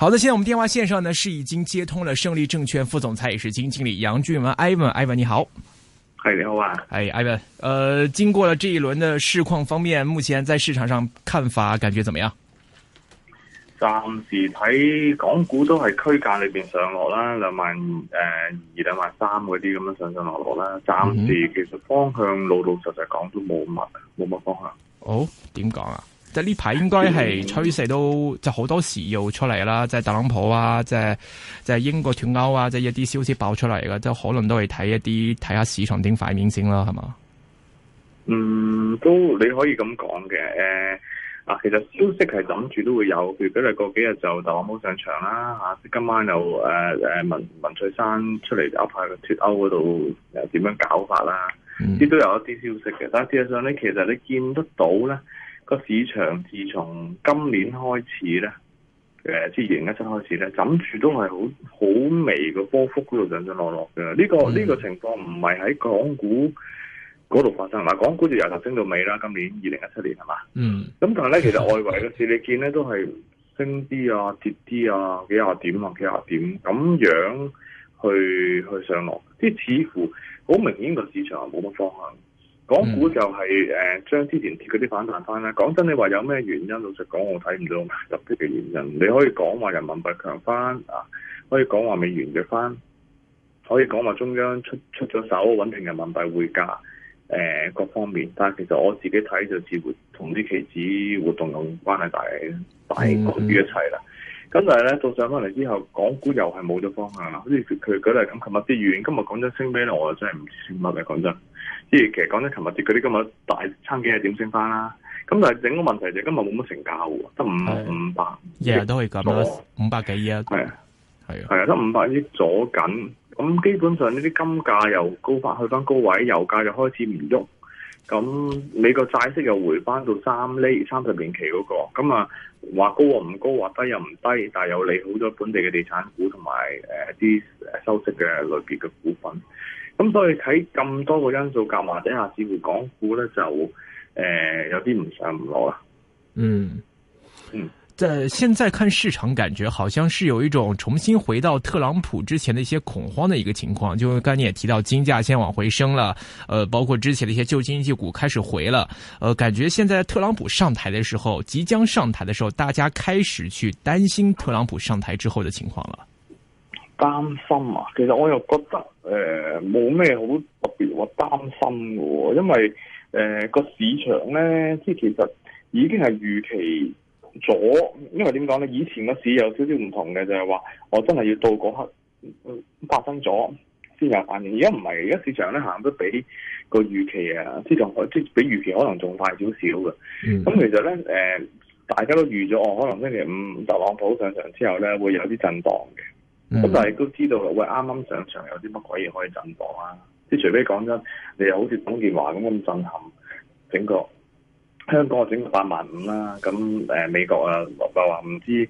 好的，現在我們電話線上呢是已經接通了勝利證券副總裁也是基金經理楊俊文 Ivan，Ivan 你好，係你好啊，哎 Ivan，呃經過了這一輪的市況方面，目前在市場上看法感覺怎麼樣？暫時睇港股都係區間裏邊上落啦，兩萬誒、呃、二兩萬三嗰啲咁樣上上落落啦，暫時其實方向老老實實講都冇乜冇乜方向，哦點講啊？即係呢排應該係趨勢都就好多時要出嚟啦，即係特朗普啊，即係即係英國脫歐啊，即係一啲消息爆出嚟嘅，即係可能都係睇一啲睇下市場點反應先啦，係嘛？嗯，都你可以咁講嘅誒，啊、呃，其實消息係諗住都會有，譬如講你過幾日就特朗普上場啦，吓今晚又誒誒、呃、文文翠珊出嚟搞派個脫歐嗰度又點樣搞法啦，啲、嗯、都有一啲消息嘅，但係事實上咧，其實你見得到咧。個市場自從今年開始咧，誒、呃，即係二零一七開始咧，枕住都係好好微個波幅嗰度上上落落嘅。呢、呢個呢、呢個情況唔係喺港股嗰度發生，嗱，港股就由頭升到尾啦。今年二零一七年係嘛？嗯。咁但係咧，其實外圍嘅事你見咧都係升啲啊、跌啲啊、幾廿點啊、幾廿點咁、啊、樣去去上落，即係似乎好明顯個市場係冇乜方向。港、嗯、股就係誒將之前跌嗰啲反彈翻啦。講真，你話有咩原因？老實講，我睇唔到特別嘅原因。你可以講話人民幣強翻啊，可以講話美元弱翻，可以講話中央出出咗手穩定人民幣匯價，誒、呃、各方面。但係其實我自己睇就似乎同啲期指活動有關係大，大於一切。啦、嗯。咁但係咧，到上翻嚟之後，港股又係冇咗方向啦。好似佢嗰啲咁，琴日啲遠，今日講咗升咩咧？我真係唔算。乜咪講真，即係其實講真，琴日跌嗰啲，今日大餐幾係點升翻啦？咁但係整個問題就係、今日冇乜成交喎，得五五百億都可以咁五百幾億係啊，係啊，係啊，得五百億左緊。咁基本上呢啲金價由高翻，去翻高位，油價又開始唔喐。咁美國債息又回翻到三厘三十年期嗰個，咁啊話高又唔高，話低又唔低，但係有利好咗本地嘅地產股同埋啲收息嘅類別嘅股份。咁所以喺咁多個因素夾埋底下，似乎港股咧就誒、呃、有啲唔上唔落啦嗯。嗯。在現在看市場，感覺好像是有一種重新回到特朗普之前的一些恐慌的一個情況。就剛才也提到金價先往回升了，呃，包括之前的一些舊經濟股開始回了，呃，感覺現在特朗普上台的時候，即將上台的時候，大家開始去擔心特朗普上台之後的情況了。擔心啊，其實我又覺得誒冇咩好特別話擔心、哦、因為誒、呃、個市場呢，即其實已經係預期。左，因為點講咧？以前個市有少少唔同嘅，就係話我真係要到嗰刻、嗯、發生咗先有反應。而家唔係，而家市場咧行得比個預期啊，即同即比預期可能仲快少少嘅。咁、嗯、其實咧、誒、呃、大家都預咗，哦，可能星期五特朗普上場之後咧會有啲震蕩嘅。咁、嗯、但係都知道，喂，啱啱上場有啲乜鬼嘢可以震蕩啊？即係除非講真，你又好似董建華咁咁震撼整個。香港我整八萬五啦，咁誒美國啊，又話唔知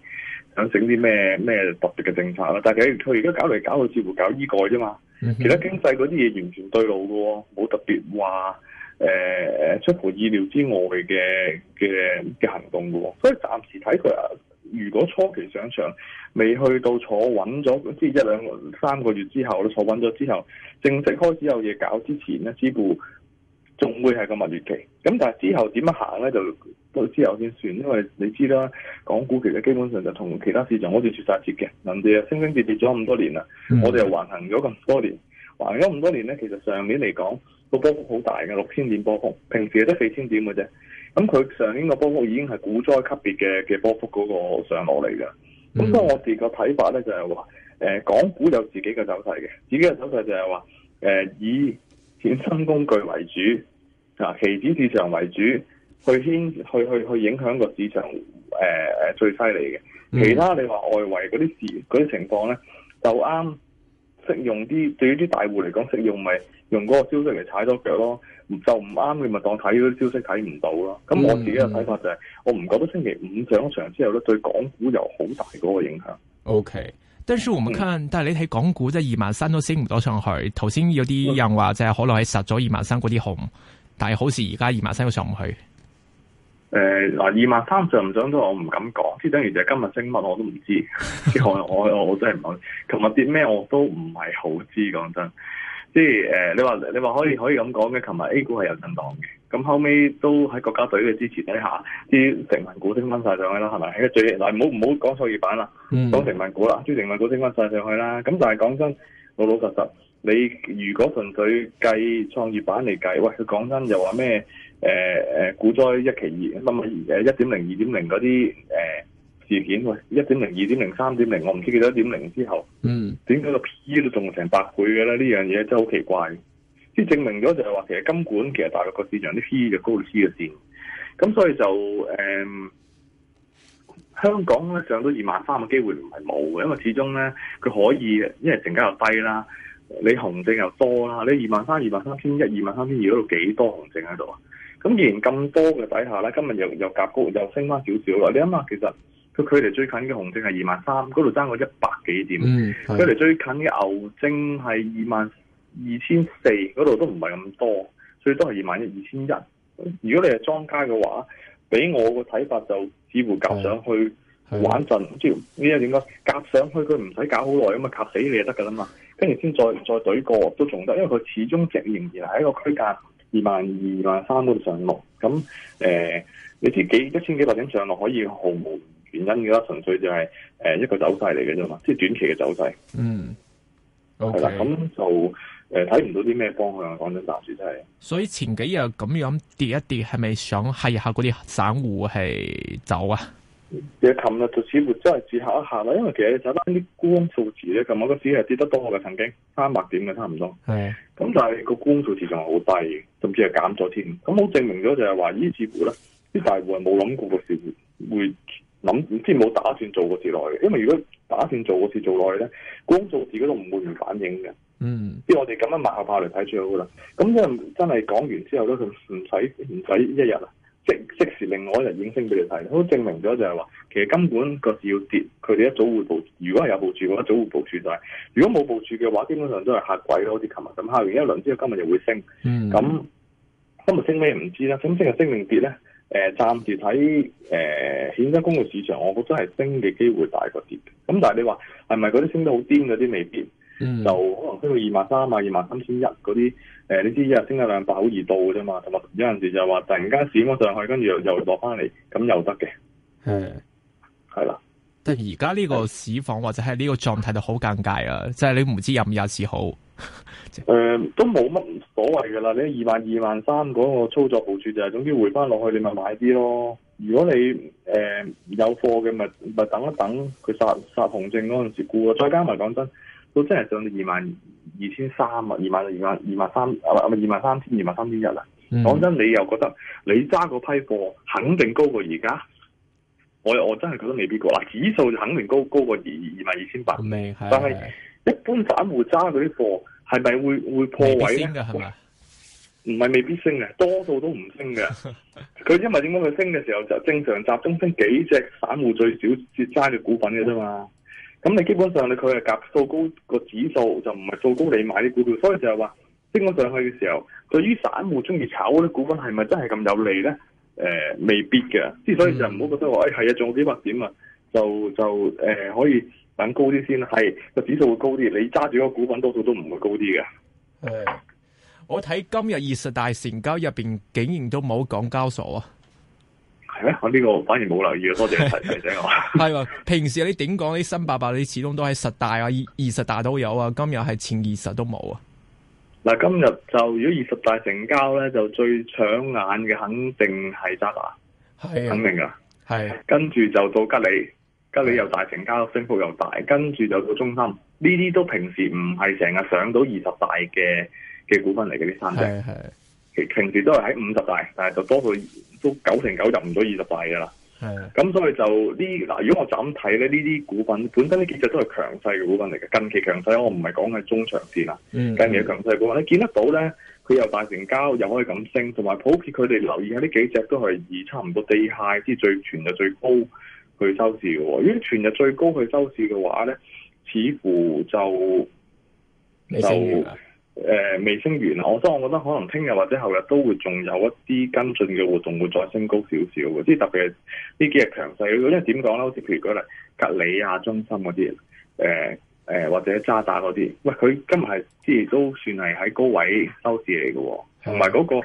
想整啲咩咩特別嘅政策啦，但係佢而家搞嚟搞去，似乎搞醫改啫嘛，其他經濟嗰啲嘢完全對路㗎喎，冇特別話誒、呃、出乎意料之外嘅嘅嘅行動㗎喎，所以暫時睇佢啊，如果初期上場未去到坐穩咗，即係一兩個三個月之後咧，坐穩咗之後，正式開始有嘢搞之前咧，似乎。仲會係個蜜月期，咁但係之後點樣行咧？就到之後先算，因為你知道啦，港股其實基本上就同其他市場，好似絕殺跌嘅，人哋啊升升跌跌咗咁多年啦、嗯，我哋又橫行咗咁多年，橫咗咁多年咧，其實上年嚟講個波幅好大嘅，六千點波幅，平時得四千點嘅啫。咁佢上年個波幅已經係股災級別嘅嘅波幅嗰個上落嚟嘅。咁、嗯、所以我哋個睇法咧就係話，誒、呃、港股有自己嘅走勢嘅，自己嘅走勢就係話，誒、呃、以衍生工具為主，啊，期指市場為主，去牽，去去去影響個市場，誒、呃、誒最犀利嘅。其他你話外圍嗰啲事，嗰啲情況咧，就啱，適用啲。對於啲大戶嚟講，適用咪用嗰個消息嚟踩多腳咯。就唔啱，你咪當睇嗰啲消息睇唔到咯。咁我自己嘅睇法就係、是，我唔覺得星期五上場之後咧，對港股有好大嗰個影響。O K。但是我們看，嗯、但係你睇港股即係二萬三都升唔到上去。頭先有啲人話即係可能係實咗二萬三嗰啲紅，但係好似而家二萬三都上唔去。誒、呃，嗱，二萬三上唔上都我唔敢講，即係等於就係今日升乜我都唔知 我。我我我真係唔講，琴日跌咩我都唔係好知，講真。即係誒，你話你話可以可以咁講嘅，琴日 A 股係有震盪嘅，咁後尾都喺國家隊嘅支持底下，啲成分股升翻晒上去啦，係咪？因為最，嗱，唔好唔好講創業板啦，講成份股啦，啲成份股升翻晒上去啦。咁但係講真，老老實實，你如果純粹計創業板嚟計，喂，佢講真又話咩？誒、呃、誒，股災一期二乜乜誒一點零二點零，嗰啲誒。事件喂，一點零、二點零、三點零，我唔知幾多一點零之後，嗯，點解個 P 都仲成百倍嘅咧？呢樣嘢真係好奇怪，即係證明咗就係話，其實金管其實大陸個市場啲 P 就高到黐線，咁所以就誒、嗯、香港咧上到二萬三嘅機會唔係冇嘅，因為始終咧佢可以，因為成交又低啦，你紅證又多啦，你二萬三、二萬三千一、二萬三千二嗰度幾多紅證喺度啊？咁既然咁多嘅底下咧，今日又又夾高又升翻少少啦，你諗下其實。佢距離最近嘅熊證係二萬三，嗰度爭過一百幾點。距離最近嘅牛證係二萬二千四，嗰度都唔係咁多，所以都係二萬一、二千一。如果你係莊家嘅話，俾我個睇法就只會夾上去玩陣，即係呢個點解，夾上去佢唔使搞好耐，咁嘛，夾死你就得㗎啦嘛。跟住先再再對過都仲得，因為佢始終直仍而係一個區間二萬二萬三嗰度上落。咁誒、呃、你知幾一千幾百點上落可以毫無原因嘅啦，純粹就係誒一個走勢嚟嘅啫嘛，即係短期嘅走勢。嗯，係啦，咁就誒睇唔到啲咩方向，講得暫時真係。所以前幾日咁樣跌一跌，係咪想吓下嗰啲散戶係走啊？跌冚啦，就似乎真係試吓一下啦。因為其實睇翻啲沽空數字咧，近我嗰次係跌得多嘅，曾經三百點嘅差唔多。係，咁但係個沽空數字仲係好低，甚至係減咗添。咁好證明咗就係話，這似乎呢次股咧，啲大戶係冇諗過個市會。諗唔知冇打算做過次耐嘅，因為如果打算做過次做耐咧，光做自己都唔會唔反應嘅。嗯、mm.，因為我哋咁樣慢下慢嚟睇住佢啦。咁即係真係講完之後咧，就唔使唔使一日啊，即即時另外一日應聲俾你睇，都證明咗就係話，其實根本個市要跌，佢哋一早會部署。如果係有部署嘅，一早會部署就晒；如果冇部署嘅話，基本上都係吓鬼咯。好似琴日咁吓完一輪之後，今日又會升。嗯、mm.，咁今日升咩唔知啦。咁即係升定跌咧？誒，暫時睇誒，香港公共市場，我覺得係升嘅機會大過跌。咁但係你話係咪嗰啲升得好癲嗰啲未變？嗯，就可能升到二萬三啊，二萬三千一嗰啲。誒、呃，你知一日升咗兩百好易到嘅啫嘛。同埋有陣時就係話突然間閃咗上去，跟住又又落翻嚟，咁又得嘅。係係啦。但係而家呢個市況或者係呢個狀態就好尷尬啊！即係你唔知有唔有市好。誒、 呃，都冇乜所謂噶啦，你二萬二萬三嗰個操作部署就係，總之回翻落去你咪買啲咯。如果你誒、呃、有貨嘅，咪咪等一等殺，佢殺殺紅證嗰陣時沽啊。再加埋講真，都真係上到二萬二千三啊，二萬二萬二萬三啊，唔係二萬三千二萬三千一啦。講真，你又覺得你揸嗰批貨肯定高過而家？我我真係覺得未必過啦，指數就肯定高高過二二萬二千八，但係一般散戶揸嗰啲貨係咪會會破位咧？唔係，未必升嘅，多數都唔升嘅。佢 因為點解佢升嘅時候就正常集中升幾隻散戶最少接齋嘅股份嘅啫嘛。咁、嗯、你基本上你佢係夾數高個指數就唔係數高你買啲股票，所以就係話升咗上去嘅時候，對於散戶中意炒嗰啲股份係咪真係咁有利咧？誒、呃，未必嘅。之所以就唔好覺得話誒係啊，嗯哎、仲有幾百點啊，就就誒、呃、可以。等高啲先，係個指數會高啲。你揸住個股份，多數都唔會高啲嘅。誒，我睇今日二十大成交入邊，竟然都冇港交所啊？係咩？我、這、呢個反而冇留意啊！多謝你提醒我。係喎， 平時你點講啲新八八？你始終都係十大啊，二十大都有啊。今日係前二十都冇啊。嗱，今日就如果二十大成交咧，就最搶眼嘅，肯定係扎華，肯定噶，係。跟住就到吉利。咁你又大成交，升幅又大，跟住就到中心，呢啲都平時唔係成日上到二十大嘅嘅股份嚟嘅，呢三隻，平時都係喺五十大，但係就多數都九成九入唔到二十大噶啦。咁所以就呢嗱，如果我就咁睇咧，呢啲股份本身呢幾隻都係強勢嘅股份嚟嘅，近期強勢，我唔係講緊中長線啦，嗯，近期嘅強勢股份，你見得到咧，佢又大成交，又可以咁升，同埋普遍佢哋留意下呢幾隻都係以差唔多地下即最全就最高去收市嘅，因為全日最高去收市嘅話咧，似乎就就誒未升完我、呃、所以我覺得可能聽日或者後日都會仲有一啲跟進嘅活動，會再升高少少，即係特別係呢幾日強勢，因為點講咧？好似譬如講嚟格力啊、中芯嗰啲，誒、呃、誒、呃、或者渣打嗰啲，喂，佢今日係即係都算係喺高位收市嚟嘅。同埋嗰個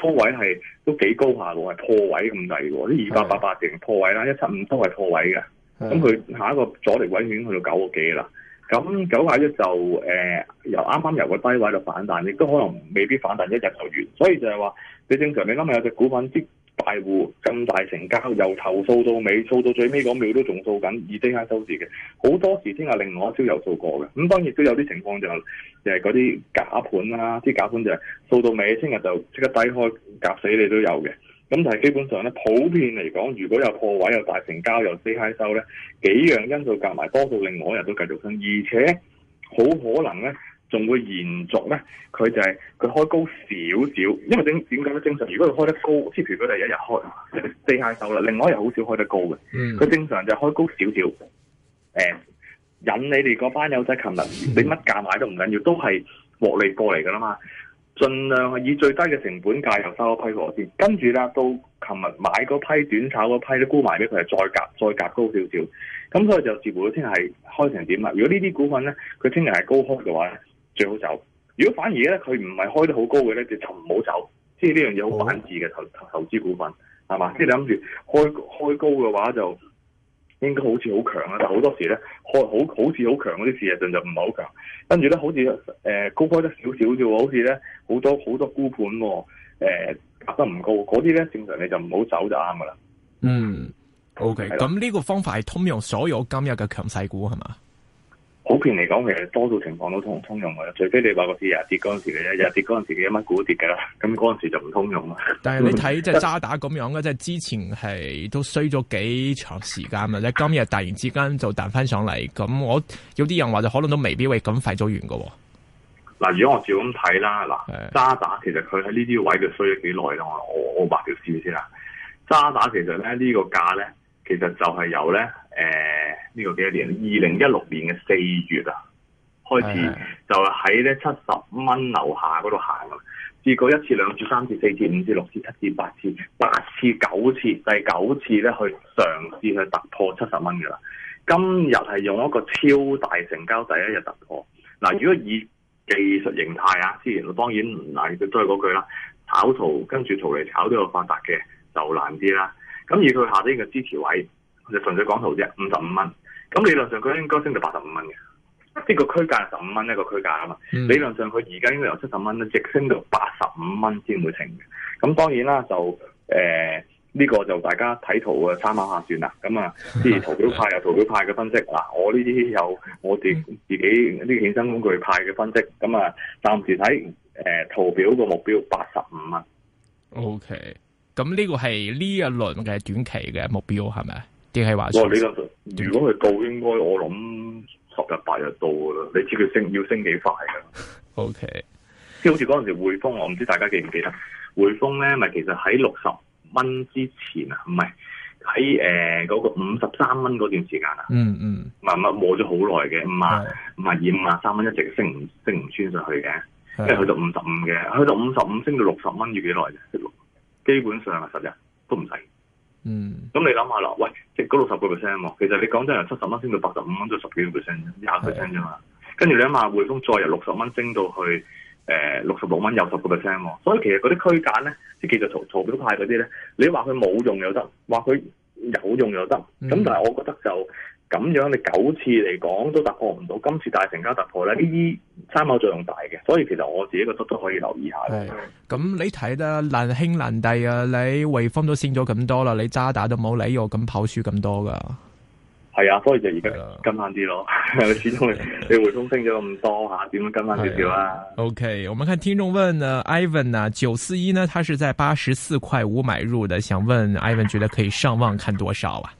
鋪位係都幾高下落，係破位咁嚟喎，呢二八八八定破位啦，一七五都係破位嘅。咁佢下一個阻力位已經去到九個幾啦。咁九下一就誒、呃、由啱啱由個低位度反彈，亦都可能未必反彈一日就完。所以就係話，你正常你諗下有隻股份跌。大戶咁大成交，由頭掃到尾，掃到最尾嗰秒都仲掃緊，以低開收市嘅，好多時聽下另外一朝又掃過嘅。咁當然都有啲情況就係，啊、就係嗰啲假盤啦，啲假盤就係掃到尾，聽日就即刻低開夾死你都有嘅。咁但係基本上呢，普遍嚟講，如果有破位、有大成交、有低開收呢，幾樣因素夾埋，多數另外一日都繼續升，而且好可能呢。仲會延續咧？佢就係、是、佢開高少少，因為點點解咧？正常，如果佢開得高，譬如佢第一日開地下收啦，另外一日好少開得高嘅。佢、mm. 正常就開高少少。誒、欸，引你哋嗰班友仔，琴日你乜價買都唔緊要，都係獲利過嚟㗎啦嘛。盡量係以最低嘅成本價又收一批貨先，跟住啦到琴日買嗰批短炒嗰批都沽埋俾佢，再夾再夾高少少。咁所以就似乎佢聽日係開成點啦？如果呢啲股份咧，佢聽日係高開嘅話咧，最好走，如果反而咧佢唔係開得好高嘅咧，就就唔好走。即係呢樣嘢好反智嘅投投資股份，係嘛？即係你諗住開開高嘅話，就應該好似好強啦。但好多時咧開好好似好強嗰啲事實上就唔係好強。跟住咧好似誒高開點點、哦呃、得少少，啫好似咧好多好多沽盤誒，打得唔高嗰啲咧，正常你就唔好走就啱噶啦。嗯，OK。咁呢個方法係通用所有今日嘅強勢股係嘛？是普遍嚟講，其實多數情況都通通用嘅，除非你話個市日跌嗰陣時嘅一日跌嗰陣時嘅乜股都跌嘅啦，咁嗰陣時就唔通用啦。但係你睇即係渣打咁樣嘅，即係之前係都衰咗幾長時間嘅啫，今日突然之間就彈翻上嚟，咁我有啲人話就可能都未必會咁快咗完嘅。嗱，如果我照咁睇啦，嗱渣打其實佢喺呢啲位就衰咗幾耐啦，我我畫條線先啦。渣打其實咧呢、這個價咧，其實就係有咧誒。欸呢、這個幾多年？二零一六年嘅四月啊，開始就喺咧七十蚊樓下嗰度行啦。試過一次、兩次、三次、四次、五次、六次、七次、八次、八次、九次，第九次咧去嘗試去突破七十蚊噶啦。今日係用一個超大成交，第一日突破嗱。如果以技術形態啊，之前當然嗱，亦都係嗰句啦，炒圖跟住圖嚟炒都有發達嘅，就難啲啦。咁以佢下邊嘅支持位，就純粹講圖啫，五十五蚊。咁理論上佢應該升到八十五蚊嘅，呢、這個區價十五蚊一個區價啊嘛。嗯、理論上佢而家應該由七十蚊咧，直升到八十五蚊先會停嘅。咁當然啦，就誒呢、呃這個就大家睇圖嘅參考下算啦。咁啊，即係圖表派有圖表派嘅分析，嗱 我呢啲有我哋自己、嗯、自己呢個衍生工具派嘅分析。咁啊，暫時睇誒圖表個目標八十五蚊。O K. 咁呢個係呢一輪嘅短期嘅目標係咪？係話，你個如果佢告應該我諗十日八日到噶啦。你知佢升要升幾快噶？O K，即係好似嗰陣時匯豐，我唔知大家記唔記得匯豐咧咪？其實喺六十蚊之前啊，唔係喺誒嗰個五十三蚊嗰段時間啊。嗯嗯，唔係乜磨咗好耐嘅五唔係二五啊三蚊一直升唔升唔穿上去嘅，因為佢到五十五嘅，去到五十五升到六十蚊要幾耐啫？六，基本上啊十日都唔使。嗯，咁你諗下啦，喂，即係嗰六十個 percent 喎，其實你講真，由七十蚊升到八十五蚊就十幾個 percent 廿 percent 啫嘛，跟住你諗下匯豐再由六十蚊升到去誒六十六蚊又十個 percent 喎，呃、所以其實嗰啲區間咧，即係叫做圖表派嗰啲咧，你話佢冇用又得，話佢有用又得，咁但係我覺得就。嗯咁樣你九次嚟講都突破唔到，今次大成交突破咧，呢啲參考作用大嘅，所以其實我自己覺得都可以留意下。咁、 哎嗯、你睇得難兄難弟啊，你匯豐都升咗咁多啦，你渣打都冇理由咁跑輸咁多噶。係啊，所以就而家跟翻啲咯。啊、 始終你匯豐升咗咁多吓，點樣跟翻少少啊，啊 o、okay, k 我們看聽眾問呢、呃、，Ivan 啊，九四一呢，他是在八十四塊五買入的，想問 Ivan 覺得可以上望看多少啊？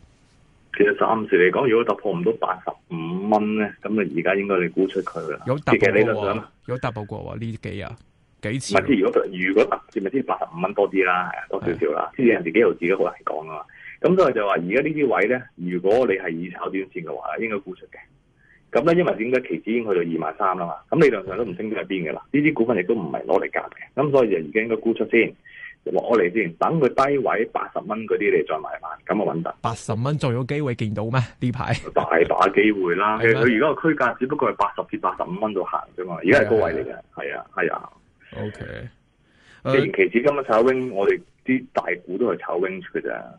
暫時嚟講，如果突破唔到八十五蚊咧，咁啊，而家應該你沽出佢啦。有突破啊！有突破過喎，呢幾日幾次？唔係，即係如果如果突破，咪先八十五蚊多啲啦，係啊，多少少啦。私人自己又自己好難講噶嘛。咁、嗯、所以就話，而家呢啲位咧，如果你係以炒短線嘅話，應該沽出嘅。咁、嗯、咧，因為點解期指已經去到二萬三啦嘛？咁理論上都唔清楚喺邊嘅啦。呢啲股份亦都唔係攞嚟夾嘅。咁所以就而家應該沽出先。攞嚟先，等佢低位八十蚊嗰啲，你再買翻，咁啊穩得。八十蚊仲有機會見到咩？呢排大把機會啦。佢如果個區間只不過係八十至八十五蚊度行啫嘛，而家係高位嚟嘅，係 啊，係啊。OK，即係期指今日炒 wing，我哋啲大股都係炒 wing 噶咋。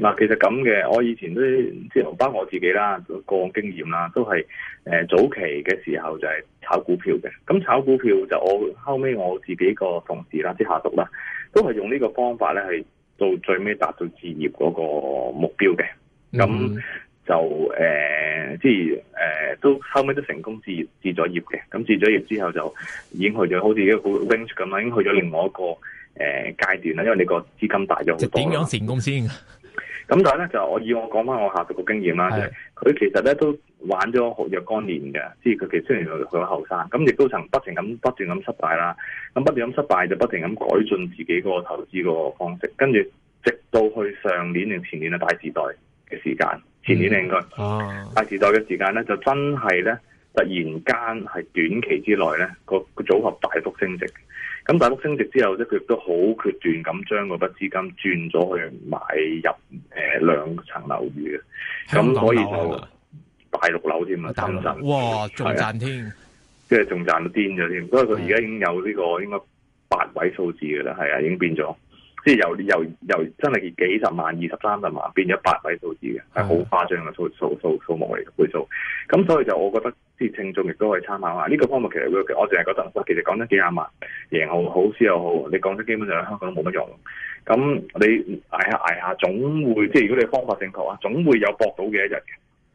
嗱，其實咁嘅，我以前都即係包括我自己啦，個經驗啦，都係誒、呃、早期嘅時候就係炒股票嘅。咁炒股票就我後尾我自己個同事啦，啲下屬啦，都係用呢個方法咧，係到最尾達到置業嗰個目標嘅。咁、嗯、就誒、呃，即係誒、呃，都後尾都成功置置咗業嘅。咁置咗業之後就已經去咗好似一個 range 咁樣，已經去咗另外一個誒階、呃、段啦。因為你個資金大咗好多。就點樣成功先？咁但係咧就我以我講翻我下屬嘅經驗啦，即係佢其實咧都玩咗好若干年嘅，即係佢其實雖然佢好後生，咁亦都曾不停咁不斷咁失敗啦，咁不斷咁失敗就不停咁改進自己嗰個投資嗰個方式，跟住直到去上年定前年嘅大時代嘅時間，前、嗯、年應該、啊，大時代嘅時間咧就真係咧突然間係短期之內咧個、那個組合大幅升值。咁大幅升值之後，咧佢亦都好決斷咁將嗰筆資金轉咗去買入誒兩層樓宇嘅，咁可以就大陸樓添啊！賺哇，仲賺添，即係仲賺到癲咗添。所以佢而家已經有呢個應該八位數字嘅啦，係啊，已經變咗，即係由由由真係幾十萬、二十三十萬變咗八位數字嘅，係好誇張嘅數數數數目嚟嘅倍數。咁所以就我覺得即係聽眾亦都可以參考下呢個方面。其實我我淨係覺得，其實講得幾廿萬。贏又好，輸又好，你講得基本上香港都冇乜用。咁、嗯、你挨下挨下，總會即係如果你的方法正確啊，總會有博到嘅一日。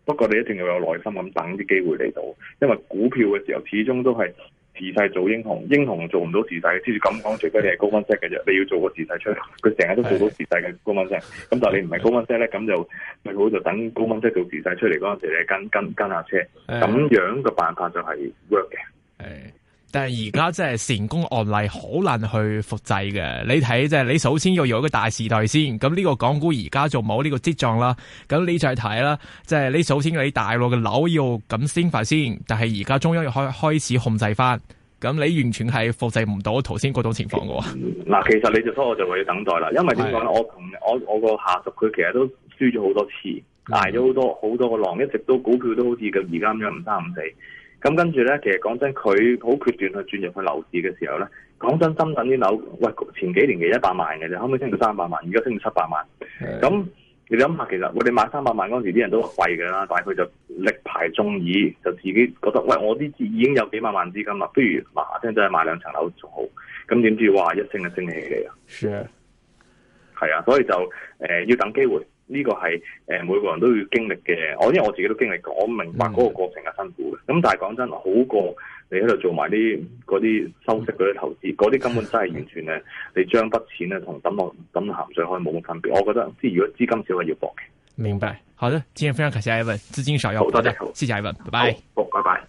不過你一定要有耐心咁等啲機會嚟到，因為股票嘅時候始終都係時勢做英雄，英雄做唔到時勢。即住咁講，除非你係高溫色嘅啫，你要做個時勢出來，嚟，佢成日都做到時勢嘅高溫色。咁但係你唔係高溫色咧，咁就最好就等高溫色做時勢出嚟嗰陣時，你跟跟跟下車，咁樣嘅辦法就係 work 嘅。但係而家即係成功案例，好難去複製嘅。你睇即係，就是、你首先要有一個大時代先。咁呢個港股而家就冇呢個跡象啦。咁你再睇啦，即、就、係、是、你首先你大陸嘅樓要咁升翻先。但係而家中央要開開始控制翻，咁你完全係複製唔到頭先嗰種情況嘅。嗱，其實你就所以我就要等待啦。因為點講呢？我同我我個下屬佢其實都輸咗好多次，捱咗好多好多個浪，一直都股票都好似咁而家咁樣唔三唔四。咁跟住咧，其實講真，佢好決斷去轉入去樓市嘅時候咧，講真，深圳啲樓喂，前幾年嘅一百萬嘅啫，可以升到三百萬，而家升到七百萬。咁你諗下，其實我哋買三百萬嗰陣時，啲人都貴㗎啦，但係佢就力排眾議，就自己覺得，喂，我啲已經有幾百萬資金喇，不如麻麻聲真係買兩層樓仲好。咁點知哇，一升就升起嚟啊！是啊，係啊，所以就誒、呃、要等機會。呢、這個係誒每個人都要經歷嘅，我因為我自己都經歷過，我明白嗰個過程係辛苦嘅。咁、嗯、但係講真，好過你喺度做埋啲嗰啲收息嗰啲投資，嗰、嗯、啲根本真係完全咧，你將筆錢咧同抌落抌鹹水海冇分別。我覺得，即係如果資金少係要搏嘅。明白，好的，今日非常感謝艾文，資金少要搏，好多謝，謝謝艾文，拜拜，好，拜拜。